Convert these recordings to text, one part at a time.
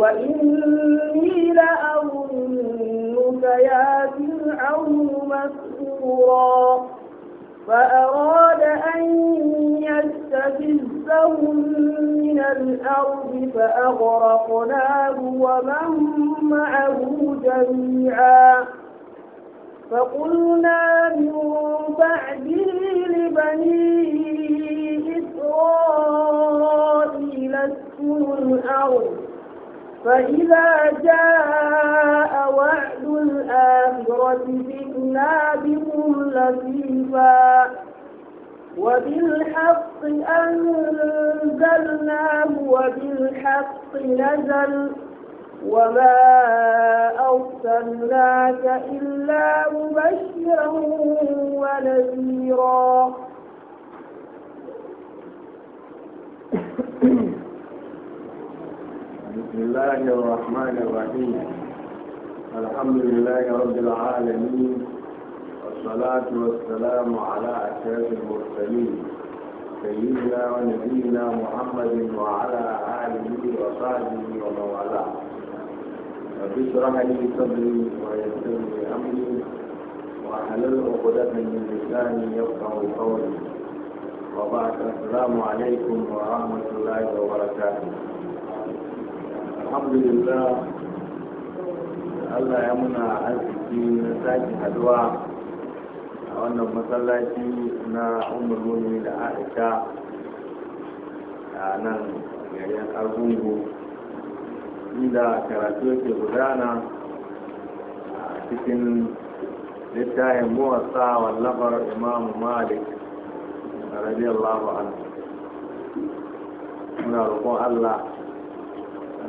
وإني لأظنك يا فرعون مسحورا فأراد أن يستفزهم من الأرض فأغرقناه ومن معه جميعا فقلنا من بعده لبني إسرائيل اسكنوا الأرض فإذا جاء وعد الآخرة جئنا بكم لطيفا وبالحق أنزلناه وبالحق نزل وما أرسلناك إلا مبشرا ونذيرا بسم الله الرحمن الرحيم الحمد لله رب العالمين والصلاة والسلام على أشرف المرسلين سيدنا ونبينا محمد وعلى آله وصحبه ومن والاه رب اشرح لي صدري ويسر لي أمري وأحلل عقدة من لساني يفقه قولي وبعد السلام عليكم ورحمة الله وبركاته alhamdulillah Allah ya muna arziki na sake haduwa a wannan masallaci na umarni da aisha a nan garin argungu inda karatu yake gudana a cikin littafin muwasa wallafar imamu malik radiyallahu anhu muna roƙon Allah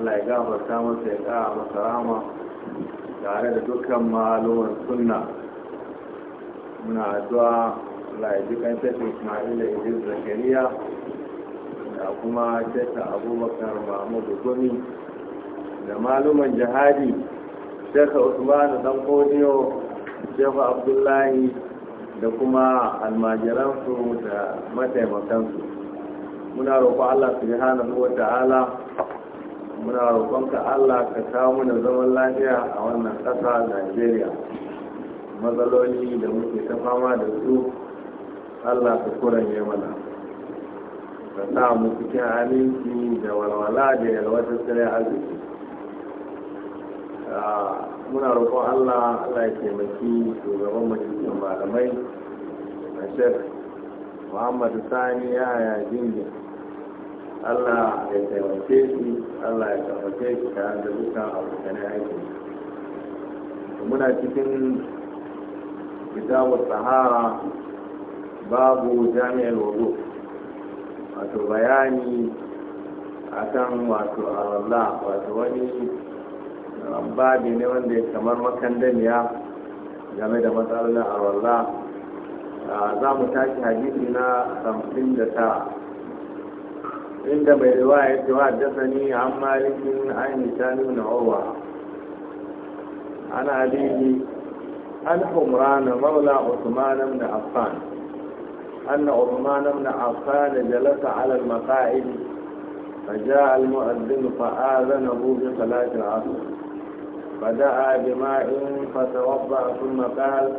Allah ya gafarta masa ya ƙara masa rama tare da dukkan malumar sunna muna addu'a Allah ya ji kan tafi da Idris Zakariya da kuma Sheikh Abubakar Mahmud Gumi da maluman jihadi Sheikh Usman dan Kodiyo Sheikh Abdullahi da kuma almajiransu da mataimakansu muna roƙo Allah subhanahu wa ta'ala muna roƙonka Allah ka kawo mana zaman lafiya a wannan ƙasa Najeriya matsaloli da muke ta fama da su Allah ka kuranye mana ka sa mu cikin aminci da walwala da yalwatar tsare arziki ah, muna roƙon Allah Allah ya taimaki shugaban majalisar malamai a shek Muhammadu Sani ya haya Allah ya taimake shi Allah ya taimake shi tare da dukkan abokanin aiki muna cikin kitabu sahara babu jami'ar wazo wato bayani akan wato Allah wato wani um, babi ne wanda ya kamar makandamiya game da matsalolin arwallah uh, za mu tashi hadisi na 59 عندما رواية حدثني عن مالك عن هشام بن عروة عن أبيه عن حمران مولى عثمان بن عفان أن عثمان بن عفان جلس على المقاعد فجاء المؤذن فآذنه بصلاة العصر فدعا بماء فتوضأ ثم قال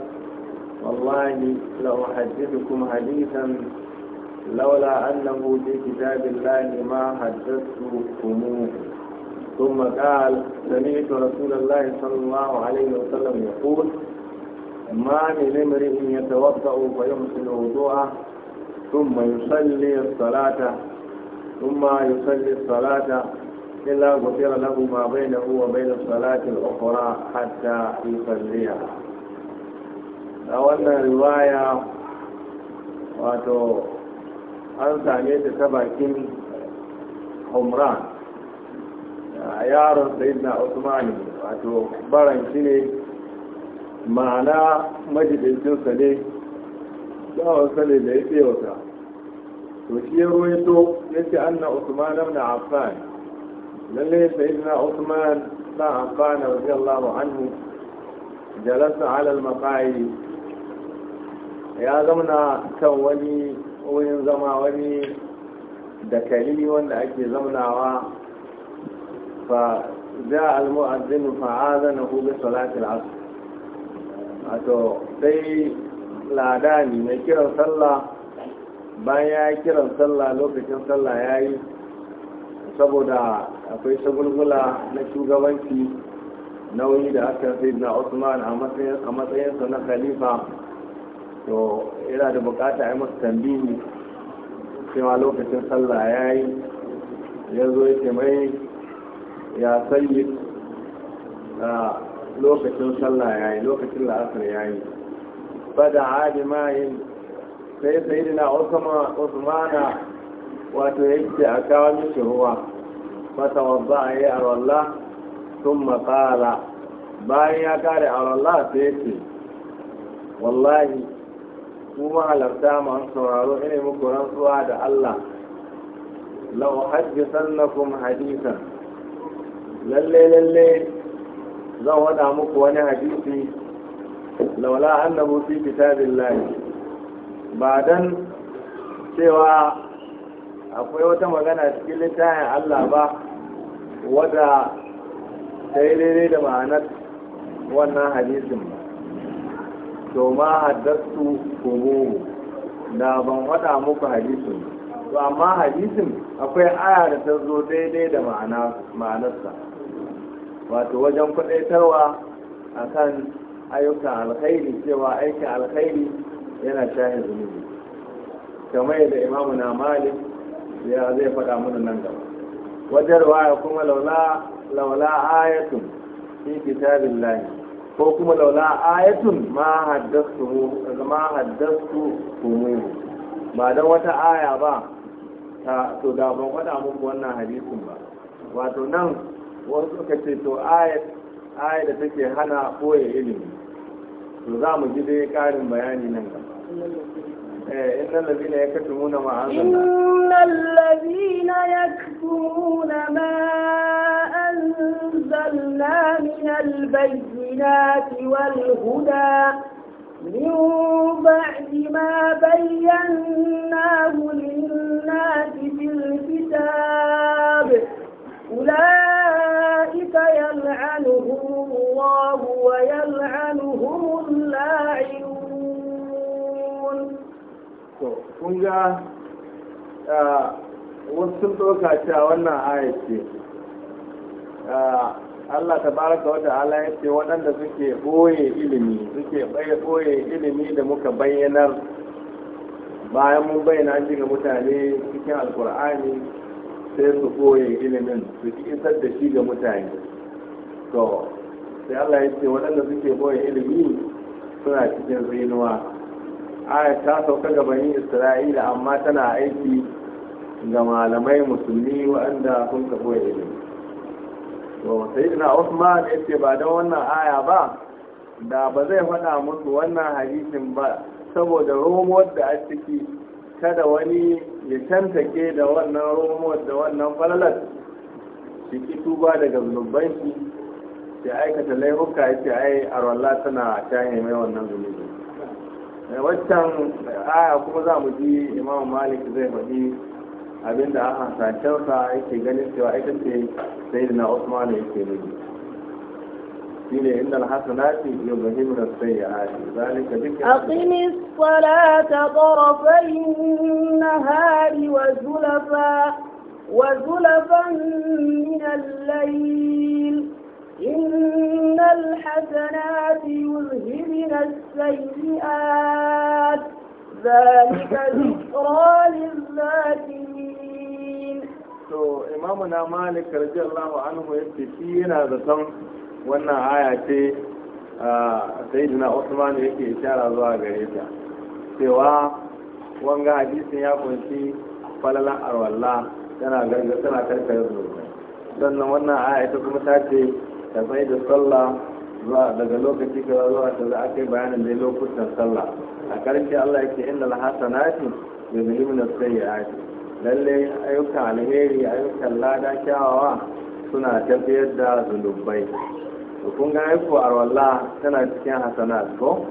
والله لأحدثكم حديثا لولا أنه في كتاب الله ما حدثتكموه ثم قال سمعت رسول الله صلى الله عليه وسلم يقول ما من امرئ يتوضأ فيحسن وضوءه ثم يصلي الصلاة ثم يصلي الصلاة إلا غفر له ما بينه وبين الصلاة الأخرى حتى يصليها أولا رواية واتو an same ta ta bakin a yaron na usmani wato baranci ne ma'ana majalisinsa ne tsawonsa ne da ya tsewata to shi ya to ya ce na usman na affan lalle na usman na wajen lamu hannu jalasa ala al-maqaid ya na kan wani wurin zama wani dakali wanda ake zaunawa fa za al-mu'azzin fa'azanahu bi salati al-asr wato sai ladani mai kiran sallah bayan ya kiran sallah lokacin sallah ya yi saboda akwai shagulgula na shugabanci nauyi da aka sai na usman a matsayinsa na khalifa to yana da bukata ya masa tambini cewa lokacin sallah ya yi ya zo ya mai ya sayi lokacin sallah ya yi lokacin la'asar ya yi Ba bada hadi mayin sai sai dina usmana wato yake a kawo mishi ruwa mata wanda a yi arwalla sun matsala bayan ya kare arwalla sai ce wallahi ku mahalarta masu sauraro ne muku rantsuwa da Allah lau hajji sannakum hadisan lalle lalle zan wada muku wani hadisi laula Annabu fi kitabillahi ba dan cewa akwai wata magana cikin littafin Allah ba wadda ta yi daidai da ma'anar wannan hadisin to ma haddastu kubuhu da ban wada muku hadisin to amma hadisin akwai aya da ta zo daidai da ma'anarsa wato wajen a akan ayyukan alkhairi cewa aikin alkhairi yana shahin zunubi kamar yadda imamu na malik ya zai faɗa mana nan gaba wajen ruwaya kuma laula ayatun fi lahi. ko kuma laula ayatun ma haddastu ma haddastu ba dan wata aya ba ta to da ban faɗa muku wannan hadisin ba wato nan wasu suka ce to ayat ayat da take hana koya ilimi to za mu ji dai ƙarin bayani nan gaba آه، إن الذين يكتمون ما إن الذين يكتمون ما أنزلنا من البينات والهدى من بعد ما بيناه للناس في الكتاب أولئك يلعنهم الله ويلعنهم اللاعنون to kun ga wasu sun ɗauka cewa wannan aya ce Allah ta baraka wata ala ya ce waɗanda suke ɓoye ilimi suke ɓoye ilimi da muka bayyanar bayan mun bayyana an ga mutane cikin alkur'ani sai su ɓoye ilimin su isar da shi ga mutane to sai Allah ya ce waɗanda suke ɓoye ilimi suna cikin zinuwa ayat ta sauka ga bani isra'ila amma tana aiki ga malamai musulmi waɗanda sun ka koya ilimi to sai na usman ya ce ba don wannan aya ba da ba zai faɗa musu wannan hadisin ba saboda romot da a ciki kada wani ya ke da wannan romot da wannan falalar shi ki tuba daga zunubanki ya aikata laifuka ya ce ai arwallah tana shahe mai wannan zunubin Eh, waccan aya eh, kuma za mu ji imamu malik zai faɗi abinda a hasacensa yake ganin cewa ita ce sai na usman yake nuni shi ne inda alhassanati yau ga himnar sai ya haɗe zalika dukkan aqimi salata tarafai nahari wa zulafa wa zulafan min al-layl إن الحسنات يذهبن السيئات ذلك ذكرى للذاكرين to imamuna malik radiyallahu anhu yace shi yana zaton wannan aya ce sayyidina usman yake ishara zuwa gare ta cewa wanga hadisin ya kunshi falalan arwalla tana garga tana karkare sannan wannan aya ita kuma ta ce tafai tsaye da sallah daga lokaci kaza zuwa ta za a kai bayanin da lokutan sallah a karshe Allah yake inna alhasanati ya sayyi'ati lalle ayyukan alheri ayyukan lada kyawawa suna tafiyar da zunubai kun ga aiko arwalla tana cikin hasanat ko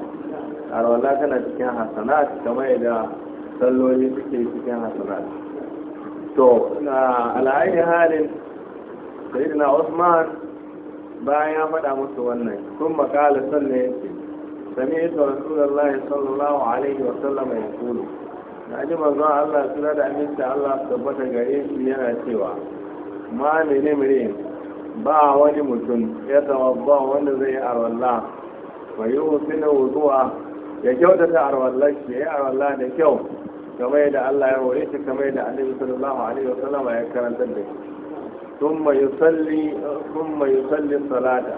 arwalla tana cikin hasanat kamar yadda salloli suke cikin hasanat to na ala'ayi halin sayyidina Usman bayan ya faɗa musu wannan sun makala sannan ya ce sami ita rasulullahi sallallahu alaihi wa sallama ya kulu na ji manzo Allah su da aminta Allah tabbata gare shi yana cewa ma ne ne ba wani mutum ya tawabba wanda zai arwalla ba yi na wuzuwa ya kyautata arwalla shi ya arwalla da kyau kamar da Allah ya hore shi kamar da Annabi sallallahu alaihi wa sallama ya karanta da shi thumma yusalli thumma salata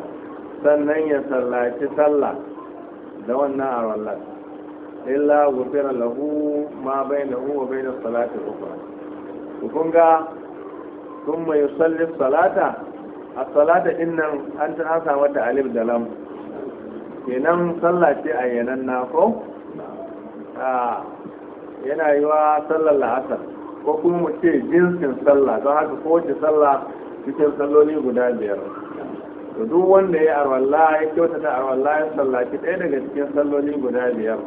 sannan ya sallaci sallah da wannan arwallar illa gufira lahu ma bainahu wa bain salati ukhra kun ga thumma yusalli salata as-salata an mata alif da lam kenan sallah ce ayyanan na ko yana yiwa sallar la'asar ko kuma mu ce jinsin sallah don haka kowace sallah cikin salloli guda biyar to duk wanda ya arwalla ya kyautata arwalla ya sallaci ɗaya daga cikin salloli guda biyar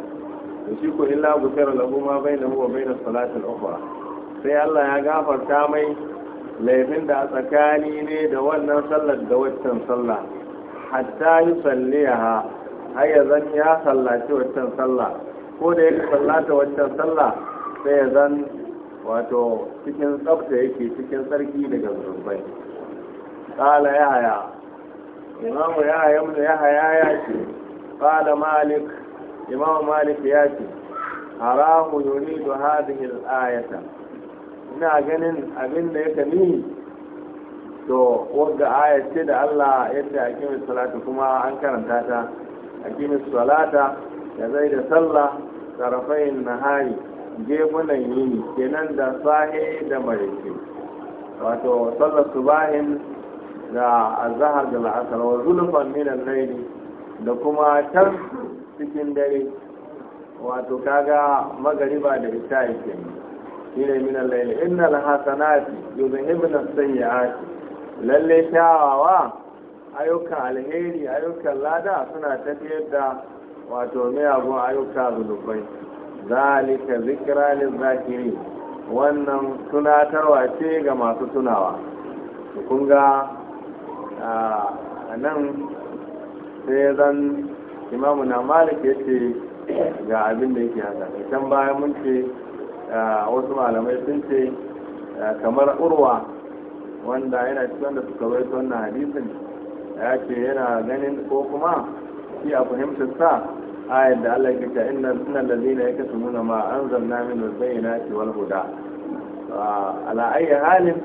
to shi ko illa gufira lahu ma bainahu wa bainas salatin ukhra sai Allah ya gafarta mai laifin da a tsakani ne da wannan sallar da waccan sallah hatta yi salliha har ya zan ya sallaci waccan sallah ko da ya sallata waccan sallah sai ya zan wato cikin tsafta yake cikin sarki daga zurbai ƙala yahaya imamu ya haya mu ya ce ƙala malik imamu malik ya ce haramu da ayata ina ganin abin da yake ni to wanda ayace ce da Allah yadda akimin salata kuma an karanta ta akimin salata da zai da sallah na nahari gefunan yini kenan da sahe da marike wato sallar subahin da azahar da la'asar wa zulufan minan laili da kuma can cikin dare wato kaga magariba da isha yake shi ne minan laili innal hasanati yuzhibna sayyi'ati lalle shawawa ayyukan alheri ayyukan lada suna tafiyar da wato miyagun ayyuka zulubai zalika zikra lizakiri wannan tunatarwa ce ga masu tunawa kun ga a nan sai zan imamu na malik ya ce ga abin da yake haka can baya mun ce wasu malamai sun ce kamar urwa wanda yana cikin da suka bai wannan hadisin ya ce yana ganin ko kuma shi a fahimtar sa ayar da Allah ke ta inna sunan lazina ya kasu nuna ma an zanna min bayyana wal huda ala ayi halin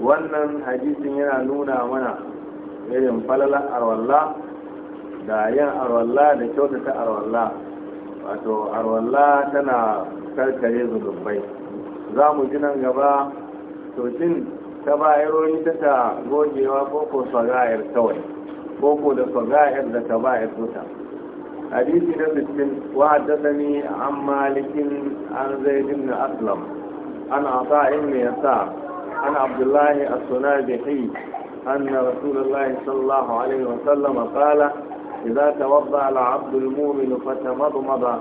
wannan hadisin yana nuna mana irin falalar arwalla da yin arwalla da ta arwalla wato arwalla tana karkare zunubai za mu ji nan gaba to jin ta bayarori ta ta gogewa ko ko sagayar kawai ko ko da sagayar da ta bayar حديث نفس وحدثني عن مالك عن زيد بن أسلم عن عطاء بن يسار عن عبد الله الصنابحي أن رسول الله صلى الله عليه وسلم قال إذا توضأ العبد المؤمن فتمضمض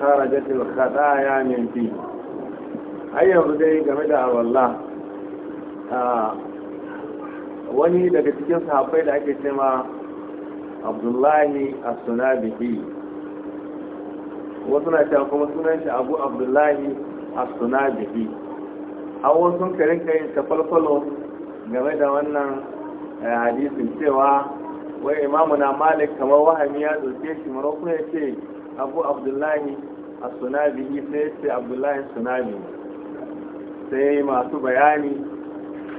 خرجت الخطايا من فيه har yanzu dai game da wallah wani daga cikin sahabbai da ake cema abdullahi a sunabihi wasu na cewa kuma sunan shi abu abdullahi a sunabihi a wasu karin kayin tafalfalo game da wannan eh, hadisin cewa wai imamu na malik kamar wahami ya doke shi maroko ya ce abu abdullahi a sunabihi sai ya ce abdullahi sunabi sai masu bayani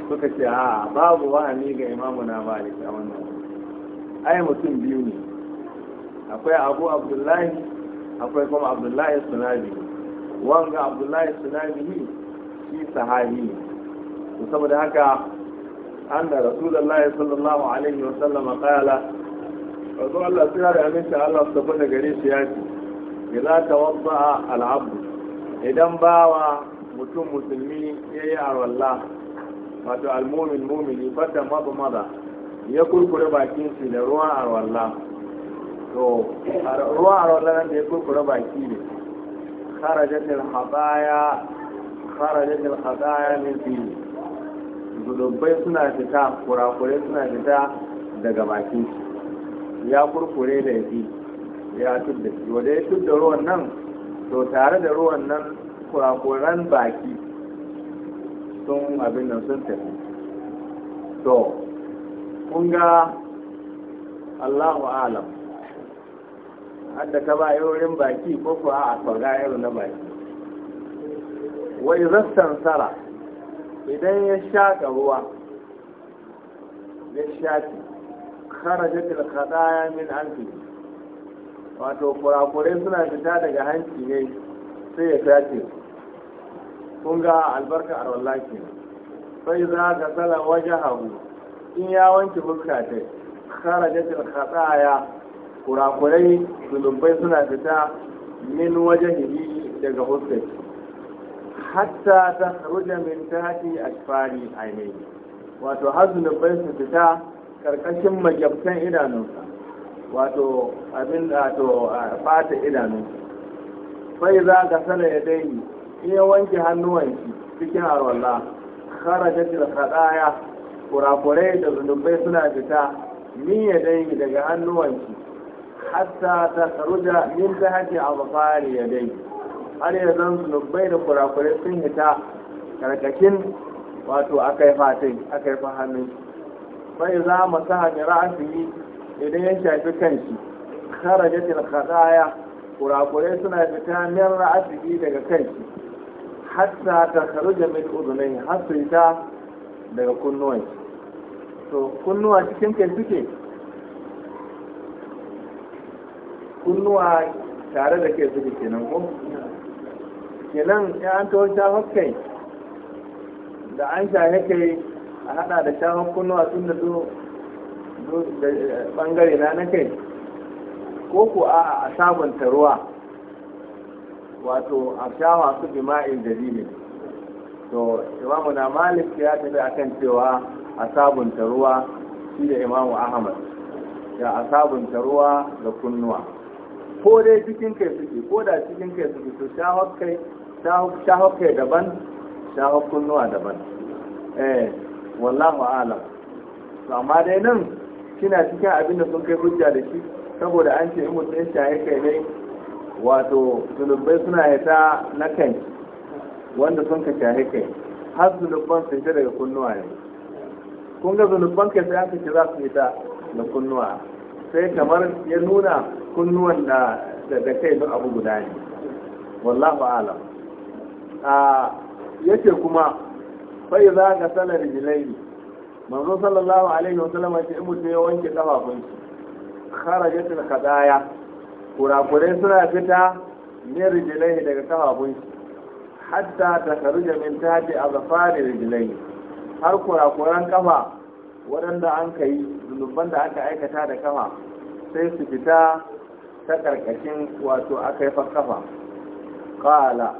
suka ce a babu wahami ga imamu na malik a wannan ai mutum biyu ne akwai abu abdullahi akwai kuma abdullahi sunabi wanga abdullahi sunabi shi sahabi ne saboda haka an da rasulullahi sallallahu alaihi wa sallam kala wato Allah suna da aminci Allah su tafi da gare shi ya ce idza tawadda al-abd idan bawa mutum musulmi ya yayi arwalla wato al-mu'min mu'mini fata mabmada ya kurkure baki su da ruwan arwalla to ruwan arwalla nan da ya kurkure baki ne kharajat al hadaya kharajat al hadaya min fi zunubai suna fita kurakure suna fita daga bakin ya kurkure da yafi ya tudda shi wanda ya tudda ruwan nan to tare da ruwan nan kurakuran baki sun abin nan sun tafi to kun ga allahu alam hadda ka ba yorin baki ko ko a saura yaro na baki wai zassan sara idan ya shaƙa ruwa ya shaƙi kharajatul khadaya min anfi wato kurakurai suna fita daga hanci ne sai ya tace kun ga albarka a wallaki sai za ka sala wajahu in ya wanke fuska ta kara al khataya kurakurai zunubai suna fita min wajhihi daga fuskar hatta ta kharuja min tahti asfari ainihi wato har zunubai su fita karkashin magyabtan idanunsa wato abin wato fata idanunsa sai za ga sana ya daini ya wanke hannuwanki cikin arwallah kharajat al khataya kurakurai da zunubai suna fita min ya dai daga hannuwanki hatta ta saruja min ta hake a fari ya dai har ya zan zunubai da kurakurai sun hita karkashin wato akai fatin akai fa hannun bai za mu sa ga ra'ayi idan ya shafi kanki kharajatil khadaya kurakurai suna fita min ra'ayi daga kanki hatta ta saruja min udunai har su daga kunnuwanki to kunnuwa cikin kai suke kunnuwa tare da kai suke kenan ko kenan ya an tawo shafar kai da an shahe kai a hada da shafar kunnuwa tun da su bangare eh, na na kai ko ko a sabunta ruwa wato a shawa su bima'in dalilin to imamu na malik ya tafi akan cewa a sabunta ruwa shi da imamu ahmad da a sabunta ruwa da kunnuwa ko dai cikin kai suke ko da cikin kai suke to shahar daban shahok kunnuwa daban eh wallah alam to amma dai nan kina cikin abin da sun kai hujja da shi saboda an ce in sun ya shahe kai ne wato zunubai suna yata na kai wanda sun ka shahe kai har zunubban sun daga kunnuwa ne kun ga ka sai aka ce za su yi ta da kunnuwa sai kamar ya nuna kunnuwan da da kai duk abu guda ne wallahu alam a yace kuma fai za ka sana rijilaini manzo sallallahu alaihi wasallam ya ce in mutum ya wanke kafafun al khadaya kurakurai suna fita ne rijilai daga kafafun hatta ta karuja min tati azfari rijilai har kurakuran kama waɗanda an ka yi zunuban da aka aikata da kama sai su fita ta ƙarƙashin wato aka yi kafa ƙala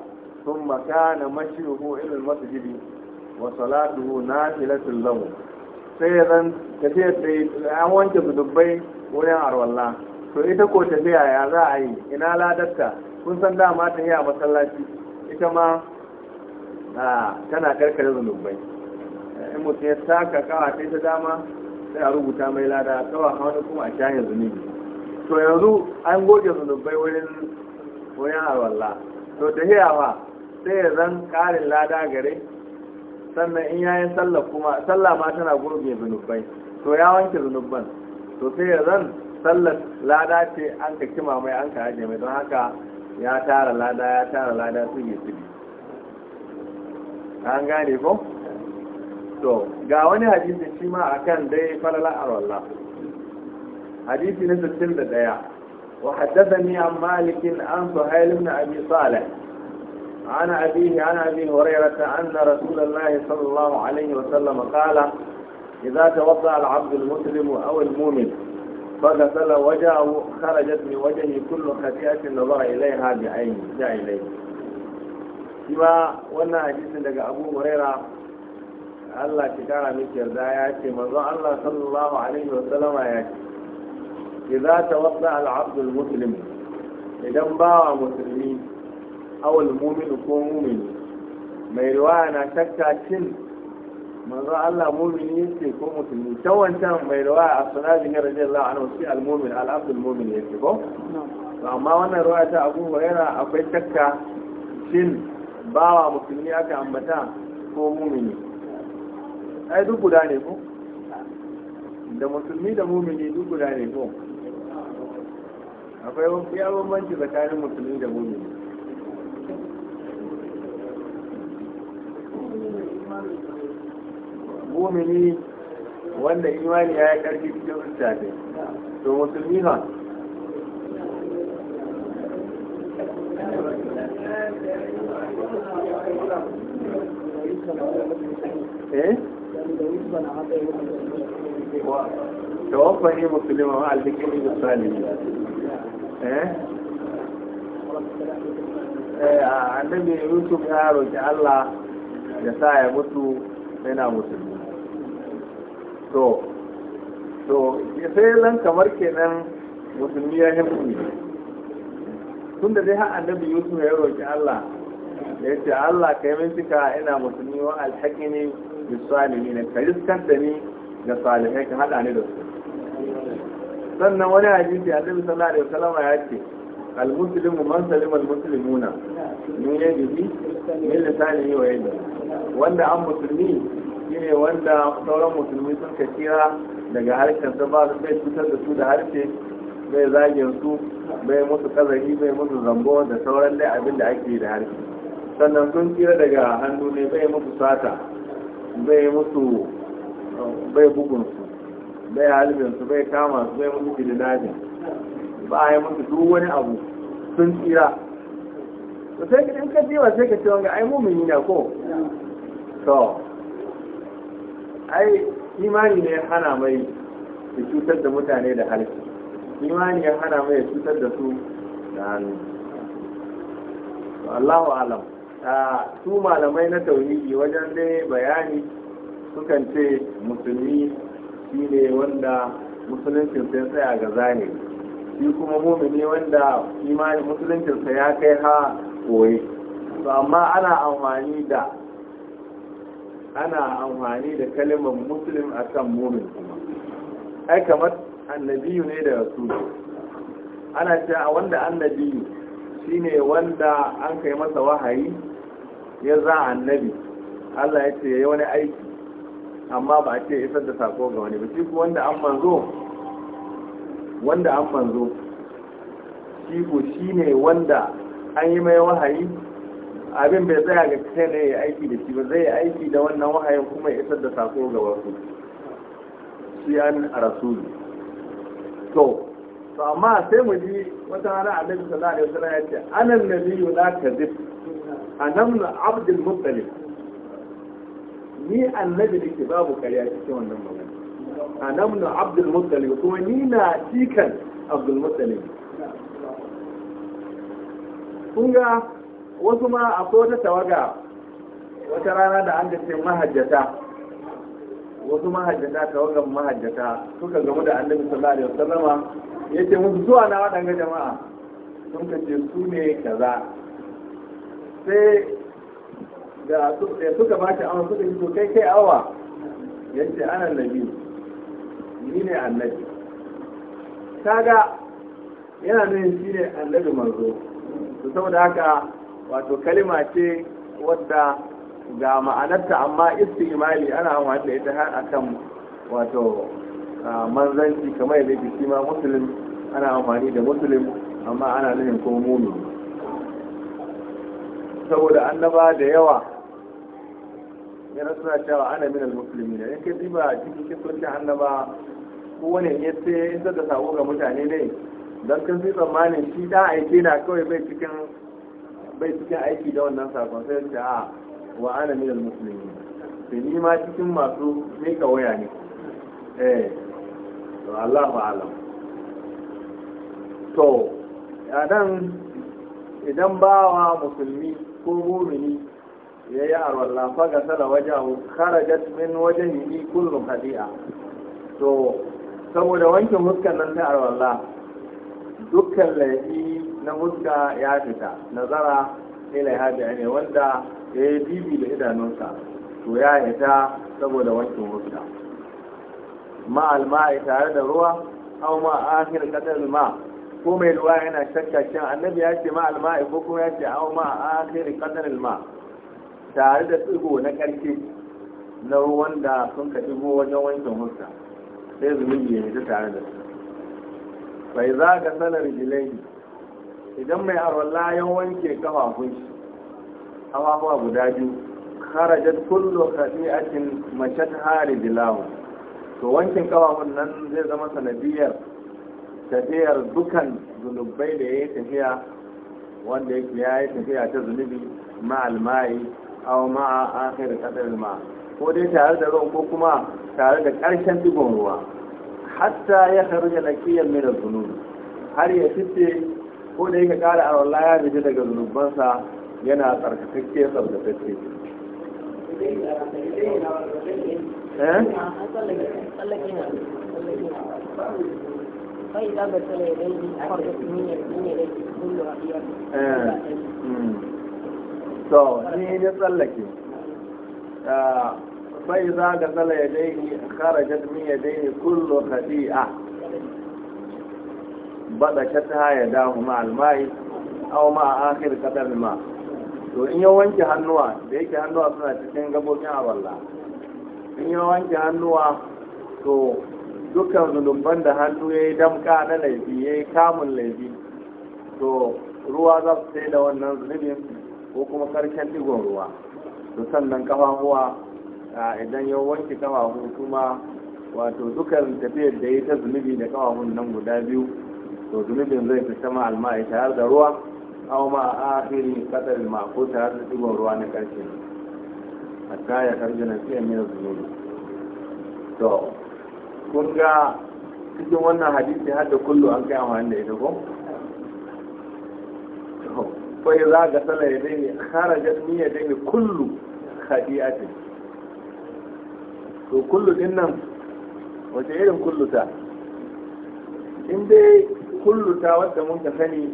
sun maka na irin masu jiri wa salatuhu na filatin lamu sai ya zan tafiya tsaye an wanke zunubbai wurin arwalla to ita ko tafiya ya za a yi ina ladarta kun san dama ta yi a masallaci ita ma tana karkare zunubai in mutum ya taka kawa sai ta dama sai a rubuta mai lada kawa wani kuma a shahin zunubi to yanzu an goge zunubai wurin wurin alwalla to da hiyawa sai ya zan karin lada gare sannan in yayin sallah kuma sallah ma tana gurbe zunubai to ya wanke zunuban to sai ya zan sallar lada ce an ka kima mai an ka mai don haka ya tara lada ya tara lada su suge an gane ko ga wani hadisi shi ma a kan dai falala a rola hadisi na 61 wa haddasa ni an malikin an suhailun na abi tsalai ana abihi ana abi horayarata an na rasulun lahi sallallahu alaihi wasallam idan ta wasa al'abdul musulmi a wani mumin faga tsala waje a kara jasmi waje ne kullum kafiyacin da zuwa ilai ha bi ainihi ya ilai shi ba wannan hadisin daga abu huraira Allah ki kara miki yarda ya ce manzon Allah sallallahu alaihi wa sallama ya ce idza tawadda al-abd al-muslim idan bawa musulmi aw al-mu'min ko mu'min mai riwaya na shakka cin manzon Allah mu'mini yake ko musulmi ta wancan mai riwaya a sunabi ne radiyallahu anhu shi al-mu'min al-abd al-mu'min yake ko amma wannan riwaya ta Abu Hurairah akwai shakka shin bawa musulmi aka ambata ko mu'mini ai duk guda ne ko da musulmi da mumini duk guda ne ko akwai ya bambanci tsakanin musulmi da mumini mumini wanda imani ya yi karfi cikin zuciya to musulmi ha eh توفني مسلمة مع الذكر الثاني annabi yusuf ya roƙi allah ya sa ya mutu yana musulmi to sai nan kamar musulmi ya tun da dai annabi yusuf ya roƙi allah ya ce allah ka yi min ina musulmi wa alhaƙi ne bisalihin ka riskan da ni ga salihai ka hada ni da su sannan wani hadisi annabi sallallahu alaihi wasallam ya ce المسلم من سلم المسلمون من يده من لسانه ويده wanda an musulmi shine wanda sauran musulmi sun ka kira daga harkar sa ba su bai cutar da su da harshe bai zagin su bai musu kazari bai musu zambo da sauran dai abin da ake da harshe sannan sun kira daga hannu ne bai musu sata bai musu bai bugunsu bai halibinsu bai kama su bai musu gidanajin ba a yi musu duk wani abu sun tsira to sai ka ɗinka jiwa sai ka ce wanga ai yi na ko to ai imani ne ya hana mai ya cutar da mutane da harshe imani ya hana mai ya cutar da su da hannu Allahu alam su malamai na tauhidi wajen dai bayani sukan ce musulmi shi ne wanda musuluncin sai tsaya ga zane shi kuma mumini wanda imanin musuluncinsa ya kai ha koyi to amma ana amfani da ana amfani da kalimar musulun a kan mumin kuma ai kamar annabiyu ne da su ana cewa wanda annabiyu shine wanda an kai masa wahayi ya za annabi Allah ya ce ya yi wani aiki amma ba a ce isar da sako ga wani ba shi wanda an manzo wanda an manzo shi ku shi ne wanda an yi mai wahayi abin bai tsaya ga kai ne ya aiki da shi ba zai yi aiki da wannan wahayin kuma ya isar da sako ga wasu shi an rasulu to to amma sai mu ji wata rana annabi sallallahu alaihi wasallam ya ce anan nabiyyu la kadhib ana abdul muttalib ni annabi ke babu karya cikin wannan magana ana mun abdul muttalib kuma ni na cikan abdul muttalib kun ga wasu ma akwai wata tawaga wata rana da an ce mahajjata wasu mahajjata tawagan mahajjata suka gamu da annabi sallallahu alaihi wasallama yace musu zuwa na waɗanga jama'a sun kace su ne kaza sai da suka ba shi awa suka yi to kai kai awa yace ana nabi ni ne annabi kaga yana nuna shi ne annabi manzo to saboda haka wato kalima ce wadda ga ma'anarta amma istimali ana amfani da ita har akan wato manzanci kamar yadda shi ma musulun ana amfani da musulun amma ana nuna ko mumin saboda annaba da yawa yana suna cewa ana min al-muslimi ne in ka diba a cikin kisoci annaba wani ya ce in zaka sako ga mutane ne don kan sai tsammanin shi da aike na kawai bai cikin bai cikin aiki da wannan sakon sai ce a wa ana min al-muslimi ne ni ma cikin masu mika waya ne eh to Allah al'am. to ya dan idan bawa musulmi ko mumini ya yi arwallah faga sala wajahu kharajat min wajhihi kullu khadi'a to saboda wanke muskan nan ta dukkan laifi na muska ya fita nazara ila hada ne wanda ya yi bibi da idanunsa to ya fita saboda wanke muska ma'al ma'a tare da ruwa aw ma akhir qadar ma' ko mai ruwa yana shakka shin annabi ya ce ma alma'i ko kuma ya ce aw ma akhiri qadar alma tare da tsugo na karshe na ruwan da sun ka digo wajen wankin huska sai zunubi ya fita tare da su bai za ka sanar jilai idan mai arwalla ya wanke kafafun shi kafafuwa guda biyu kharajat kullu khati'atin mashat hari bilahu to wankin kafafun nan zai zama sanadiyar tafiyar dukan zunubai da ya yi tafiya wanda yake ya yi tafiya ta zunubi ma'al ma'i aw ma'a akhir qadar ma ko dai tare da ruwan ko kuma tare da karshen digon ruwa hatta ya kharuja nakiyan min az-zunub har ya fitte ko da yake kara a ya fita daga zunubansa yana tsarkakakke tsarkakakke eh فإذا بسل يديه فرقت من يديه كل رقيق to ni ne tsallake fai za ga tsala ya daini kharajat min ya daini kullu khati'a bada shata ya dahu ma almai aw ma akhir qadar ma to in ya wanke hannuwa da yake hannuwa suna cikin gabobin aballa in ya wanke hannuwa to dukkan zunuban da hannu ya yi damka na laifi ya yi kamun laifi to ruwa za su sai da wannan zunubin ko kuma karshen digon ruwa to sannan kafafuwa idan ya wanke kafafu kuma wato dukkan tafiyar da ya ta zunubi da kafafun nan guda biyu to zunubin zai fi sama alma'i tare da ruwa aw ma a akhiri qadar ma ko tare da digon ruwa na karshe hatta ya karbi fiye zunubi to kun ga cikin wannan hadisi hada kullu an kai amfani da ita ko fa idza kara yadayni kharajat min ne kullu hadiyati to kullu din nan wace irin kullu ta in dai kullu ta wadda mun ka sani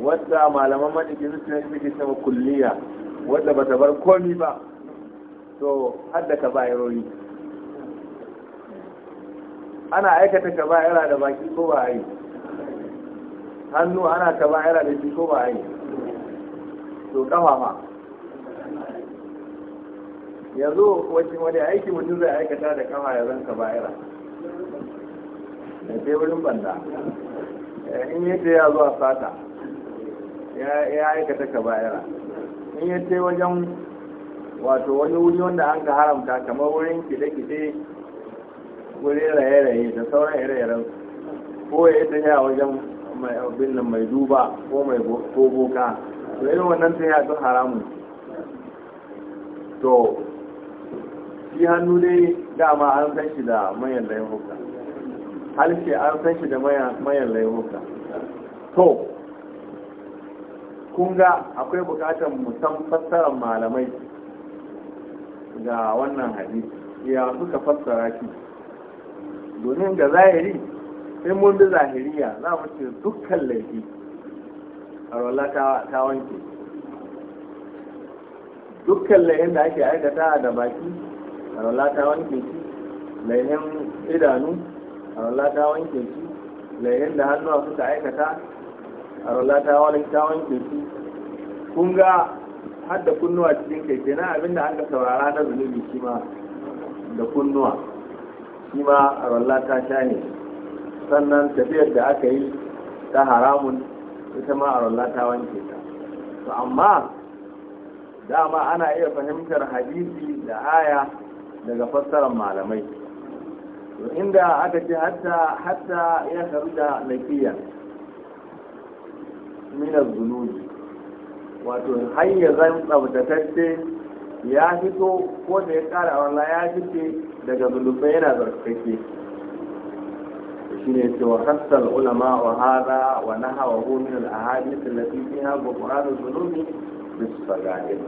wadda malaman madikin suna suke sama kulliya wadda bata bar komi ba to haddaka bayarori ana aikata kaba'ira da baki ko ba yi hannu ana kaba'ira da shi ko ba yi to kafa ma yanzu wacce wani aiki mutum zai aikata da kafa ya zan kaba'ira da sai wurin banda eh, in ce ya zuwa sata ya aikata kaba'ira in ce wajen wato wani wuri wanda an ka haramta kamar wurin kide-kide wuri raye-raye da sauran ire-iren ko ya yi tafiya wajen mai abin nan mai duba ko mai ko boka to irin wannan tafiya sun haramu. to shi hannu dai dama an san shi da mayan laifuka shi an san shi da mayan laifuka to kun ga akwai bukatar musan fassarar malamai ga wannan hadisi ya suka fassara shi domin ga zahiri sai mun bi zahiriya za mu ce dukkan laifi rola ta wanke dukkan laifin da ake aikata da baki rola ta wanke shi laifin idanu rola ta wanke shi laifin da hannuwa suka aikata rola ta wanke shi kun ga kunnuwa cikin kai kenan abinda an ka saurara na zunubi shi ma da kunnuwa shi ma a ralla ta sha ne sannan tafiyar da aka yi ta haramun ita ma a ralla ta wanke ta to amma dama ana iya fahimtar hadisi da aya daga fassarar malamai to inda aka ce hatta hatta ya karu da lafiya minar zunubi wato har zan tsabtatacce ya fito ko da ya ƙara wallah ya fice daga zulufai yana zarkake shine ce wa kasar ulama wa hada wa nahawa hu min al ahadith allati da ghufran dhunubi bis sagair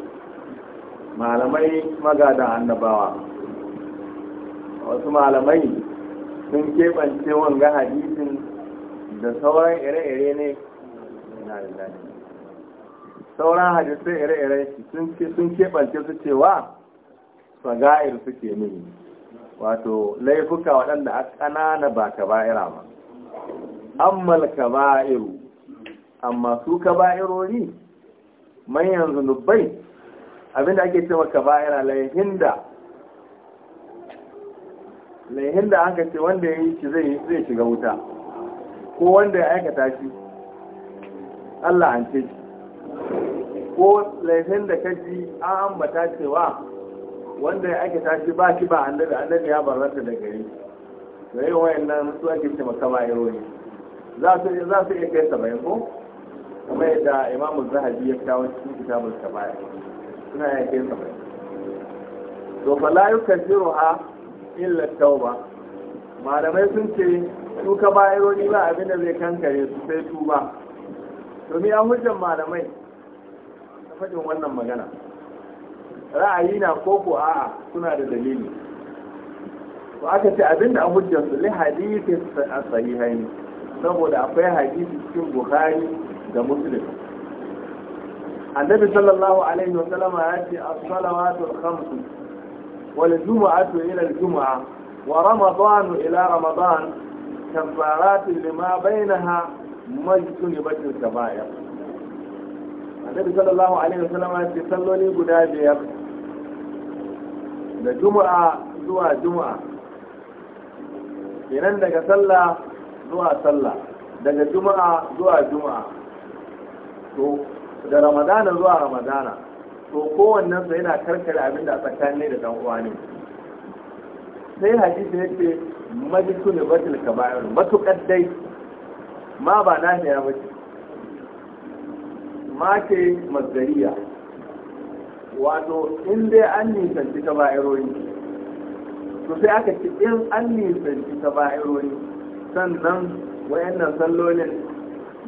malamai magadan annabawa wasu malamai sun keɓance wanga hadisin da sauran ire-ire ne na da sauran hadisai ire-iren shi sun keɓance su cewa saga'ir suke mini wato laifuka waɗanda a ƙanana ba ka ba'ira ba ammal ka ba'iru amma su ka ba'irori manyan zunubai abinda ake cewa Kaba'ira ba'ira da laifin da aka ce wanda ya yi shi zai shiga wuta ko wanda ya aikata shi Allah an ce shi ko laifin da kaji an ambata cewa wanda ya ake tashi ba shi ba annabi annabi ya barrata da gari da yin nan su ake ce maka bayarori za su za su iya kai saba'in ko kamar yadda imam zahabi ya kawo cikin kitabul kabaya suna iya kai saba'in to fa la yukazziruha illa tauba malamai sun ce su ka bayarori ba abin da zai kankare su sai tuba to mi an hujjan malamai faɗin wannan magana ra'ayi na koko a'a suna da dalili to aka ce abinda a hujjarsu li hadisi a sahihaini saboda akwai hadisi cikin bukhari da muslim annabi sallallahu alaihi wa sallama ya ce as-salawatu al-khamsu wal jumu'atu ila al-jumu'a wa ramadan ila ramadan kafaratun lima bainaha majtunibatul kaba'ir annabi sallallahu alaihi wasallam ya ce salloli guda biyar da juma'a zuwa juma'a kenan daga sallah zuwa sallah daga juma'a zuwa juma'a to da ramadana zuwa ramadana to kowannen sa yana karkare abin da tsakanin da dan uwa ne sai hadisi ya ce majisu ne batil kaba'ir matuƙar dai ma ba nahiya bace mace masdariya wato in dai an nisanci ta ba'irori to sai aka ci in an nisanci ta ba'irori sannan wayannan sallolin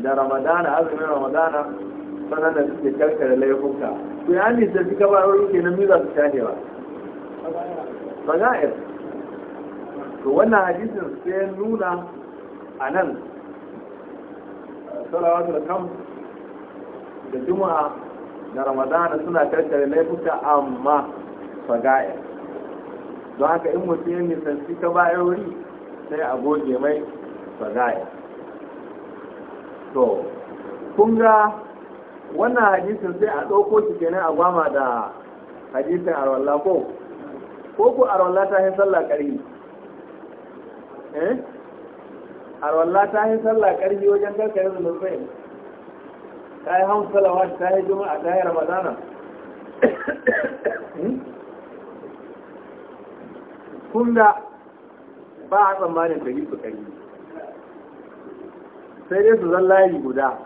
da ramadana azumin ramadana sannan da suke karkare laifuka to ya nisanci ta ba'irori ke nan miza su shahewa baga'ir to wannan hadisin sai nuna a nan salawatu kamfu da juma'a da ramadana suna tattare laifuka amma fagaya don haka in mutum ya nisanci ta bayan wuri sai a goge mai fagaya to kun ga wannan hadisin sai a ɗauko shi kenan a gwama da hadisin arwalla ko ko ku arwalla ta yi sallah ƙarfi eh arwalla ta yi sallah ƙarfi wajen karkare da mutum ta yi hamsa lawa ta yi juma'a a yi ramadana kun da ba a tsammanin yi su yi. sai dai su zan layi guda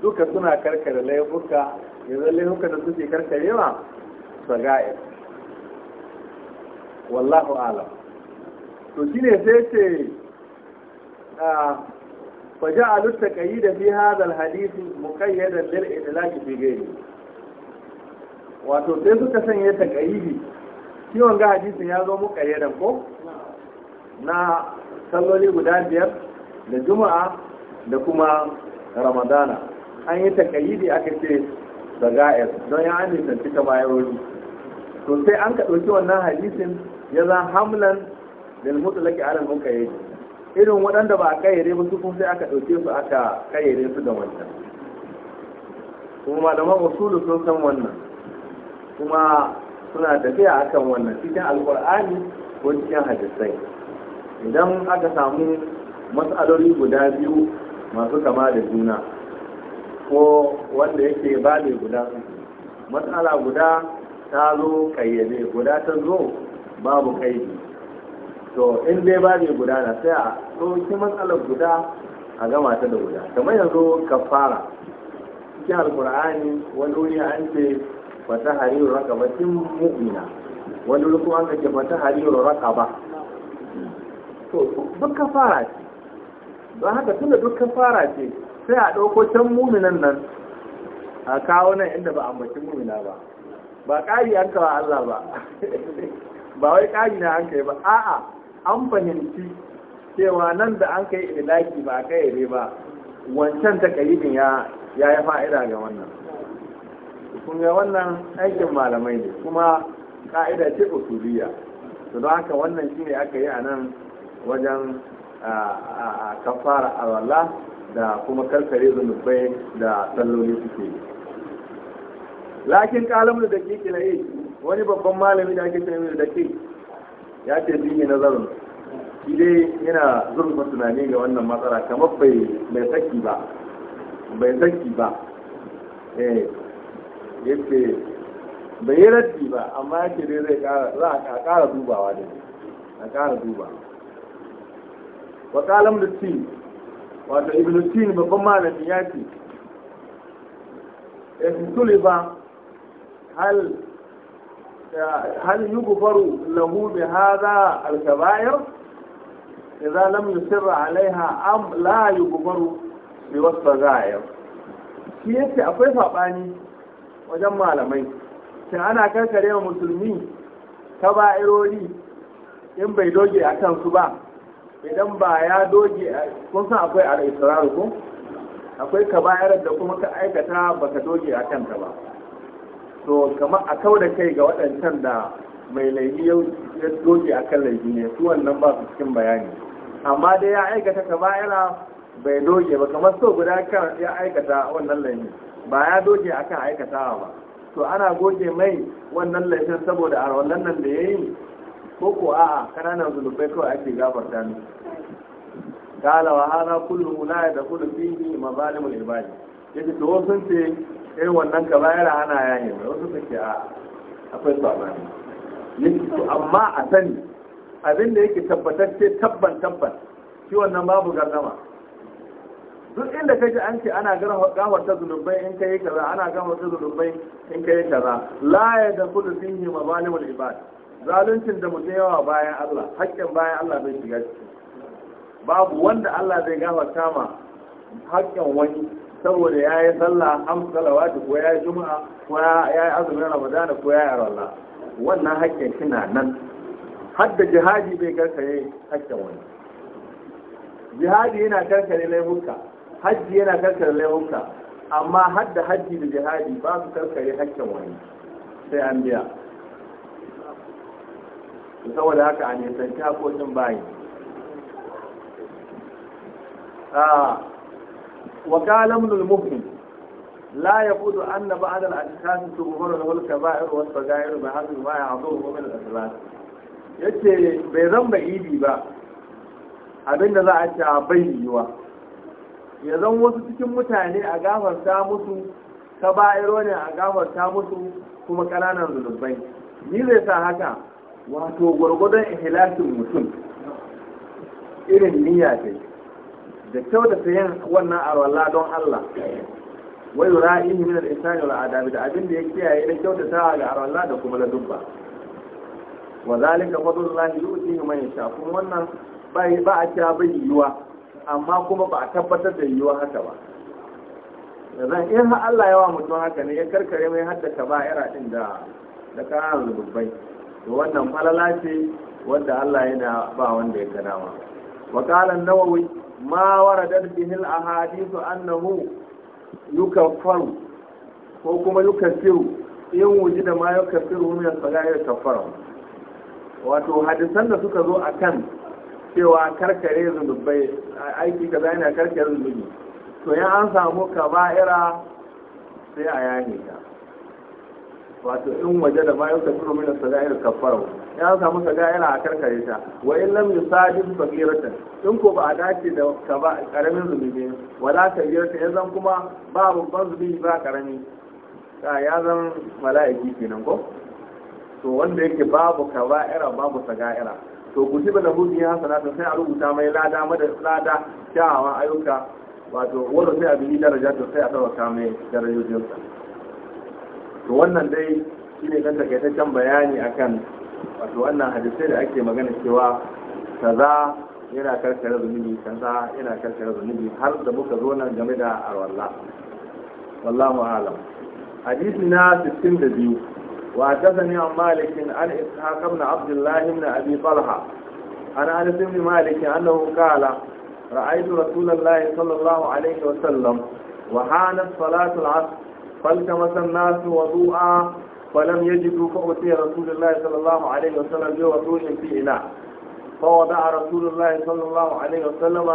duka suna karkare laifuka yanzu laifuka da suke karkarewa ga'e wallahu alam to ne sai ce ah, فجعلوا التقييد في هذا الحديث مقيدا للإطلاق في غيره wato sai suka sanya takayyidi kiwon ga hadisin ya zo muƙayyadan ko na salloli guda biyar da juma'a da kuma ramadana an yi takayidi aka ce da ga'ir don ya an nisanci ta bayarori to sai an ka ɗauki wannan hadisin ya za hamlan lil mutlaqi ala muqayyid irin waɗanda ba a ba su kuma sai aka ɗauke su aka kayyare su da wancan kuma malaman usulu sun san wannan kuma suna tafiya akan wannan cikin alkur'ani ko cikin hadisai idan aka samu matsaloli guda biyu masu kama da juna ko wanda yake babe guda matsala guda ta zo kayyade guda ta zo babu kaidi to in dai ba guda gudana sai a ɗauki matsalar guda a gama ta da guda kamar yanzu kafara cikin alkur'ani wani wuri an ce fata hariru raka ba cin mu'mina wani wuri kuma an ce fata hariru raka ba to duk kafara ce don haka tunda duk kafara ce sai a ɗauko can muminan nan a kawo nan inda ba a ambaci mumina ba ba ƙari an kawo Allah ba ba wai ƙari na an kai ba a'a an fahimci cewa nan da an kai ilaki ba kai yare ba wancan ta ya ya yi fa'ida ga wannan kun ga wannan aikin malamai ne kuma ka'ida ce usuliya to don haka wannan shi ne aka yi a nan wajen kafara alwala da kuma karkare zunubai da salloli suke yi lakin kalamun da dakiki na yi wani babban malami da ake tunani da dakiki ya ce bi ne nazarin shi dai yana zurfa tunani ga wannan matsala kamar bai mai tsaki ba bai tsaki ba eh yace bai yi raddi ba amma yake dai zai kara za a kara dubawa dai a kara duba wa kalam da tin wato ibnu tin babban malami ya ce in tuliba hal هل يغفر له بهذا الكبائر إذا لم يسر عليها أم لا يغفر بوصف غائر shi yake akwai saɓani wajen malamai shin ana karkare wa musulmi ta ba'irori in bai doge a kansu ba idan ba ya doge kun san akwai al'israr ko akwai ka da kuma ka aikata baka doge a kanka ba to kamar a kau da kai ga waɗancan da mai laifi ya doke a kan laifi ne su wannan ba su cikin bayani amma dai ya aikata yana bai doge ba kamar so guda kan ya aikata wannan laifi ba ya doge akan aikatawa ba to ana goge mai wannan laifin saboda a wannan nan da ya yi ko ko a'a kananan zunubai kawai ake gafarta ne قال na كله da yi فيه مظالم ibadi yake to sun ce Sai wannan ka bayar ana yaye mai wasu suke a akwai ne. yake amma a sani abin da yake ce tabban tabban shi wannan babu gardama duk inda kaji an ce ana ta zunubai in kai kaza ana ta zunubai in kai kaza la ya da yi ma mazalimul ibad zaluncin da mutum yawa bayan Allah haƙƙin bayan Allah bai shiga ciki babu wanda Allah zai gafarta ma haƙƙin wani saboda ya yi sallah ham salawati ko ya yi juma'a ko ya yi azumin ramadana ko ya yi arwallah wannan haƙƙin shi na nan hadda jihadi bai karkare haƙƙin wani jihadi yana karkare laifuka hajji yana karkare laifuka amma hadda hajji da jihadi ba su karkare haƙƙin wani sai an biya saboda haka a nisanci haƙoƙin bayi ah. وقال ابن المؤمن لا يقول أن بعض الأشخاص تغفر له الكبائر والصغائر بحسب ما يعذره من الأسباب yace bai zan ba idi ba abinda za a ce a bayyuwa ya zan wasu cikin mutane a gafarta musu ta ba'iro ne a gafarta musu kuma kananan zunubai ni zai sa haka wato gwargwadon ihlasin mutum irin niyya ce da kyau da yin wannan arwalla don Allah wai ra'ihi min al-insani wal adabi da abin da ya kiyaye da kyau da tawa ga arwalla da kuma ladubba wa zalika fadlullahi yu'tihi man yasha kuma wannan bai ba a cewa bai yiwa amma kuma ba a tabbatar da yiwa haka ba zan in ha Allah wa mutum haka ne ya karkare mai haddaka ba ira din da da kana zubai to wannan falala ce wanda Allah yana ba wanda ya ga dama wa qala nawawi ما waradat به al-ahadithu annahu yukaffaru ko kuma yukaffiru in wujida ma yukaffiru min wato hadisan da suka zo a kan cewa karkare zunubai aiki kaza yana karkare zunubi to ya an samu kaba'ira sai a yahe ta wato in waje da ma yukaffiru min al kaffara ya samu saga yana a karkare ta wa in lam yusadid fakirata in ko ba a dace da ka ba karamin zunubi wala kabirata ya zan kuma ba babban zunubi ba karami ka ya zan mala'iki kenan ko to wanda yake babu kaba'ira babu saga'ira to kutiba lahu bi hasanatu sai a rubuta mai lada mada lada kyawawan ayyuka wato wanda sai a bi daraja to sai a tsawaka mai darajojinsa to wannan dai shine kan takaitaccen bayani akan wato wannan hadisai da ake magana cewa kaza yana karkare zunubi kaza yana karkare zunubi har da muka zo nan game da arwallah wallahu alam hadisi na 62 wa hadathani an malik an ishaq ibn abdullah ibn abi talha an anas ibn malik annahu qala ra'aytu rasulullahi sallallahu alayhi wa sallam wa hana salatu al-'asr faltamasa an-nasu wudu'a فلم يجدوا فأتي رسول الله صلى الله عليه وسلم بوضوء في إناء فوضع رسول الله صلى الله عليه وسلم